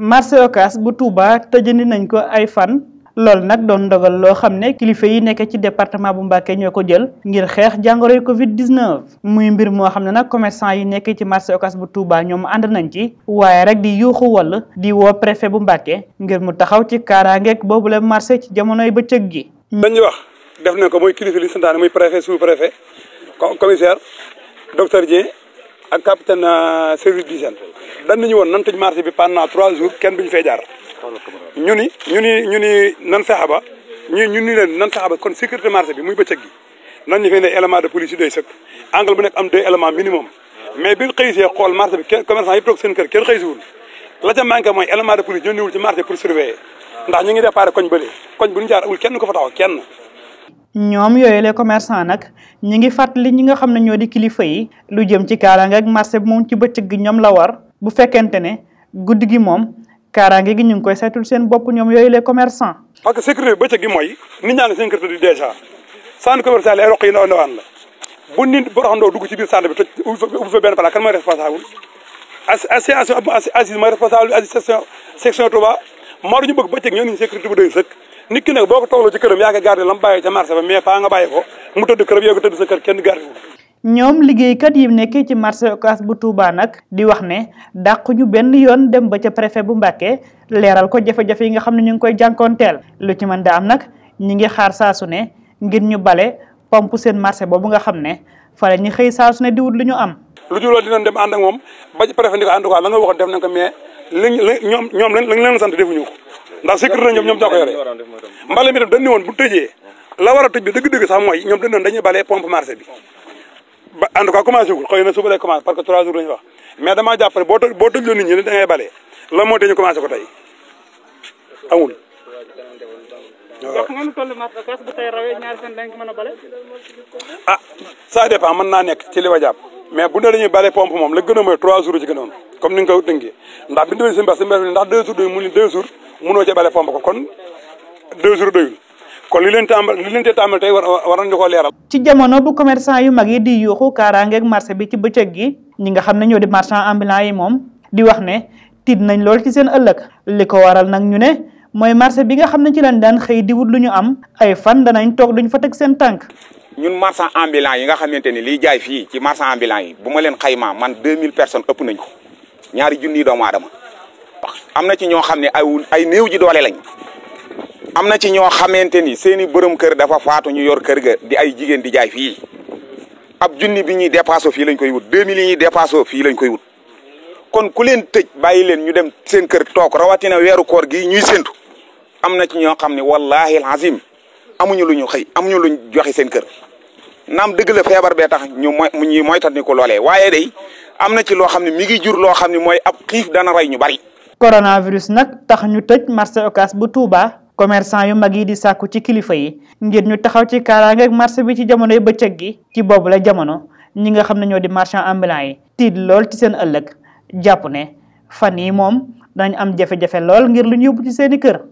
marché Ocass bu Touba tëjandi nañ ko ay fan loolu nag doon dogal loo xam ne kilifa yi nekk ci département bu Mbacké ñoo ko jël ngir xeex jàngoro jàngoroy Covid 19. muy mbir moo xam ne nag commercant yi nekk ci marché Ocass bu Touba ñoom ànd nañ ci waaye rek di yuuxu wall di woo préfet bu Mbacké ngir mu taxaw ci kaaraangeeg boobu la marché ci jamonoy bëccëg gi. dañuy wax def nañ ko muy kilifa li santaane muy préfet sous préfet commissaire docteur Dieng ak capitaine euh, service d'hygiène dañ nañu woon nan tëj marché bi pendant trois jours kenn duñu fee jaar ñu ni ñu ni ñu ni nan fexe ba ñu ñu ni leen nan fexe ba kon sécurité marché bi muy bëccëg gi nan ñu fee ne élément de police yi doy sëkk angle bu nekk am deux éléments minimum mais bi xëysee xool marché bi kenn commerçant yi toog seen kër kenn xëysiwul la ca mooy élément de police ñoo ñëwul ci marché pour surveiller ndax ñu ngi déparé koñ bële koñ bu ñu kenn ko fa taxaw kenn ñoom yooyu les commerçant nag ñi ngi fàttali ñi nga xam ne ñoo di kilifa yi lu jëm ci kaaraange ak marché bi moom ci bëccëg gi ñoom la war bu fekkente ne guddi gi moom kaaraange gi ñu ngi koy saytul seen bopp ñoom yooyu les commerçant parce que sécurité bi bëccëg gi mooy nit ñaa ngi di dèjà centre commercial ay roq yi ndaw la bu nit boroxandoo dugg ci biir centre bi toj ubbi fa benn place kan mooy responsable asi asi asi mooy section section Touba ñu bëgg bëccëg ñoo ngi sécurité bu doy sëkk nit ki nag boo ko toogloo ci këram yaa ngi gardé la mu bàyyi ca marché ba mais faa nga bàyyi ko mu tëdd kër kenn gardé wu. ñoom liggéeykat yi nekkee ci marché Ocass bu Touba nag di wax ne dàqu ñu benn yoon dem ba ca préfet bu Mbacké leeral ko jafe yi nga xam ne ñu ngi koy jànkoonteel lu ci mën da am nag ñi ngi xaar saasu ne ngir ñu bale pompe seen marché boobu nga xam ne fa la ñu xëy saasu ne di lu ñu am. lu jubluwaat dinañ dem ànd ak moom ba ci préfet di ko ànd la nga waxoon def nañ ko mais li ñoom sant defuñu ko. ndax sécurité ñoom ñoom ñoo ko yore mbale mi tam dañ ne woon bu tëjee la war a bi dëgg-dëgg sax ñoom dañ ne dañuy na suba lay commencé parce que trois jours la ñu wax mais damaa jàpp ne boo tëj boo tëjloo nit ñi ne da ngay balee la bale ah, pompe moom la gën a mooy trois jours ci gënoon comme ni nga ko tënkee ndax bi ñu demee si mbas si mbas ndax mu ni deux jours mënoo ca bale pomp ko kon deux jours doyul kon li leen tàmbal li leen te tàmbal tey war war nañu koo leeral. ci jamono bu commerçant yu mag yi di yuuxu kaaraangeeg marché bi ci bëccëg gi ñi xam ne ñoo di marchand ambulant yi moom di wax ne tiit nañ lool ci seen ëllëg li ko waral nag ñu ne mooy marché bi nga xam ne ci lañ daan xëy diwut lu ñu am ay fan danañ toog duñ fa teg seen tànk. ñun marchand ambulant yi nga xamante ni liy jaay fii ci marchand ambulant yi bu ma leen xaymaa man 2000 personnes ëpp nañ ko ñaari junniy doomu aadama. am na ci ñoo xam ne ay ay néew ji doole lañ am na ci ñoo xamante ni seen i borom kër dafa faatu ñu yor kër ga di ay jigéen di jaay fii ab junni bi ñuy dépassé fii lañ koy wut deux mille yi ñuy dépassé fii lañ koy wut kon ku leen tëj bàyyi leen ñu dem seen kër toog rawatina weeru koor gi ñuy séntu am na ci ñoo xam ne wallahi alazim amuñu lu ñu xëy amuñu lu ñu joxe seen kër naam dëgg la feebar bee tax ñu moy ñuy moytandiku loole waaye day am na ci loo xam ne mi ngi jur loo xam ne mooy ab xiif dana rey ñu bari coronavirus nag tax ñu tëj marché Ocass bu Touba commercant yu mag yi di sàkku ci kilifa yi ngir ñu taxaw ci kaaraange ak marché bi ci jamono ba bëccëg gi ci boobu la jamono ñi nga xam ne ñoo di marchand ambulant yi tiit lool ci seen ëllëg jàpp ne fan yi moom dañ am jafe-jafe lool ngir lu ñu yóbbu ci seeni kër